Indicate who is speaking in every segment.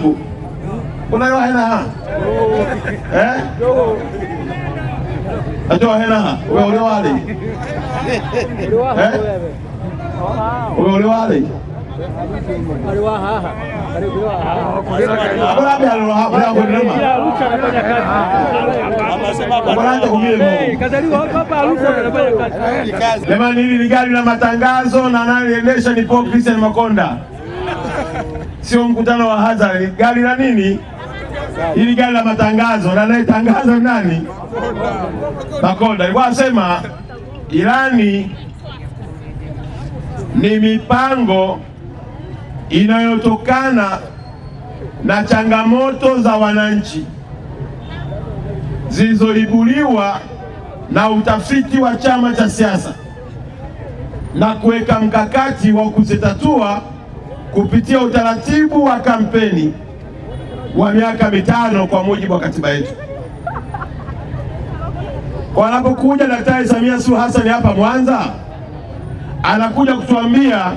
Speaker 1: yangu unayo hena oh. eh? najua hena we uli wali we uli wali Jamani, hili ni gari la matangazo na analiendesha ni Paul Christian Makonda sio mkutano wa hadhara, gari la nini ili gari la matangazo, na anayetangaza nani? Bakonda alikuwa anasema ilani ni mipango inayotokana na changamoto za wananchi zilizoibuliwa na utafiti wa chama cha siasa na kuweka mkakati wa kuzitatua kupitia utaratibu wa kampeni wa miaka mitano kwa mujibu wa katiba yetu. Wanapokuja Daktari Samia Suluhu Hassan hapa Mwanza, anakuja kutuambia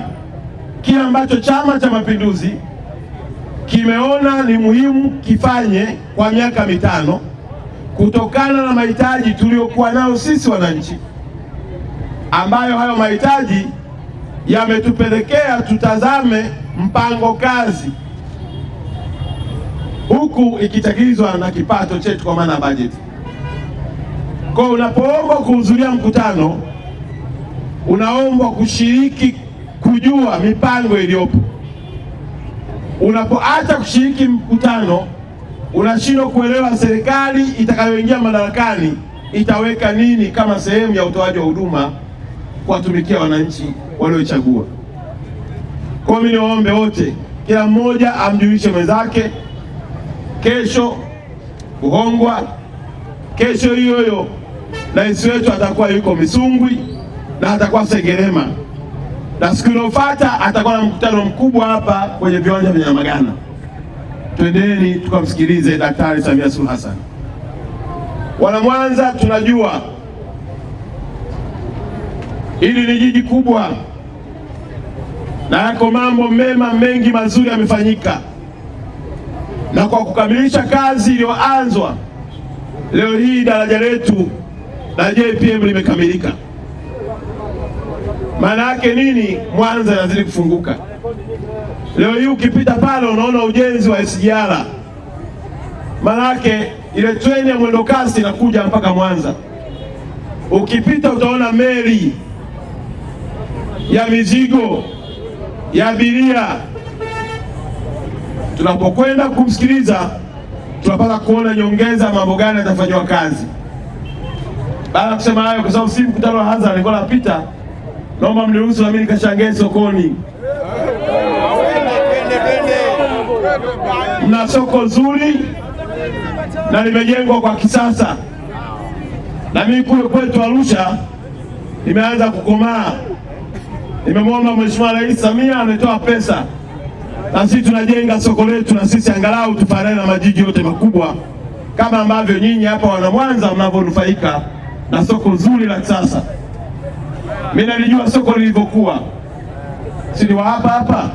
Speaker 1: kile ambacho Chama cha Mapinduzi kimeona ni muhimu kifanye kwa miaka mitano kutokana na mahitaji tuliyokuwa nayo sisi wananchi, ambayo hayo mahitaji yametupelekea tutazame mpango kazi huku ikitakilizwa na kipato chetu kwa maana ya bajeti. Kwa unapoombwa kuhudhuria mkutano, unaombwa kushiriki kujua mipango iliyopo. Unapoacha kushiriki mkutano, unashindwa kuelewa serikali itakayoingia madarakani itaweka nini kama sehemu ya utoaji wa huduma kuwatumikia wananchi waliochagua kwa mimi niwaombe wote, kila mmoja amjulishe mwenzake kesho Uhongwa, kesho hiyo hiyo rais wetu atakuwa yuko Misungwi na atakuwa Sengerema, na siku inayofuata atakuwa na mkutano mkubwa hapa kwenye viwanja vya Nyamagana. Twendeni tukamsikilize Daktari Samia Suluhu Hassan. Wana Mwanza, tunajua hili ni jiji kubwa na yako mambo mema mengi mazuri yamefanyika, na kwa kukamilisha kazi iliyoanzwa leo hii daraja letu la JPM limekamilika. Maana yake nini? Mwanza inazidi kufunguka. Leo hii ukipita pale unaona ujenzi wa SGR, maana yake ile treni ya mwendokasi inakuja mpaka Mwanza. Ukipita utaona meli ya mizigo ya abiria. Tunapokwenda kumsikiliza, tunapata kuona nyongeza, mambo gani yatafanywa kazi. Baada ya kusema hayo, kwa sababu si mkutano wa hadhara nilikuwa napita, naomba mniruhusu nami nikashangae sokoni. Mna soko zuri na limejengwa kwa kisasa, na mimi kule kwetu Arusha nimeanza kukomaa. Nimemwomba Mheshimiwa Rais Samia ametoa pesa na sisi tunajenga soko letu, na sisi angalau tufanane na majiji yote makubwa kama ambavyo nyinyi hapa wana Mwanza mnavyonufaika na soko zuri la kisasa. Mimi nalijua soko lilivyokuwa, si ni hapa hapa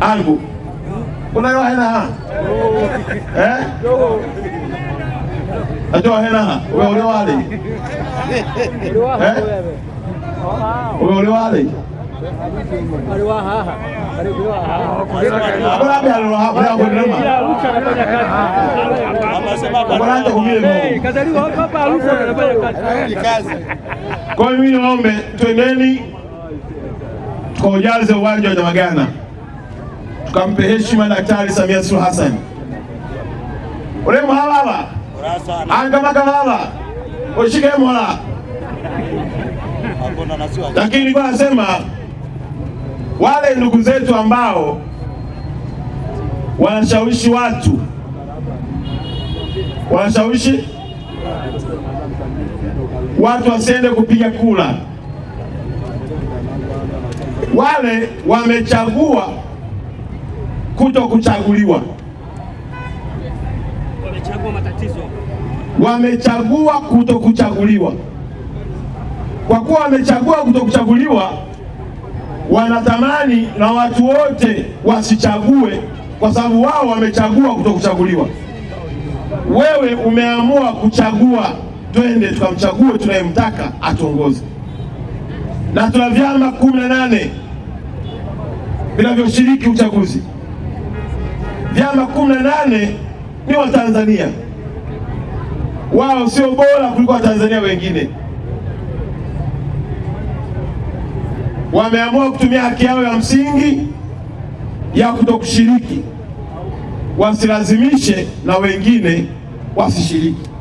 Speaker 1: angu unayo hena eh? najua hena wewe wale eh? Wewe ule wale. kwa mimi naombe twendeni tukaujaze uwanja wa Nyamagana tukampe heshima Daktari Samia Suluhu Hassan. Ule mhalala. Anga Ushike mola. Lakini kwa nasema wale ndugu zetu ambao wanashawishi watu wanashawishi watu wasiende kupiga kura, wale wamechagua kuto kuchaguliwa, wamechagua kuto kuchaguliwa kwa kuwa wamechagua kutokuchaguliwa, wanatamani na watu wote wasichague, kwa sababu wao wamechagua kutokuchaguliwa. Wewe umeamua kuchagua, twende tukamchague tunayemtaka atuongoze. Na tuna vyama kumi na nane vinavyoshiriki uchaguzi. Vyama kumi na nane ni Watanzania, wao sio bora kuliko Watanzania wengine. wameamua kutumia haki yao ya msingi ya kutokushiriki, wasilazimishe na wengine wasishiriki.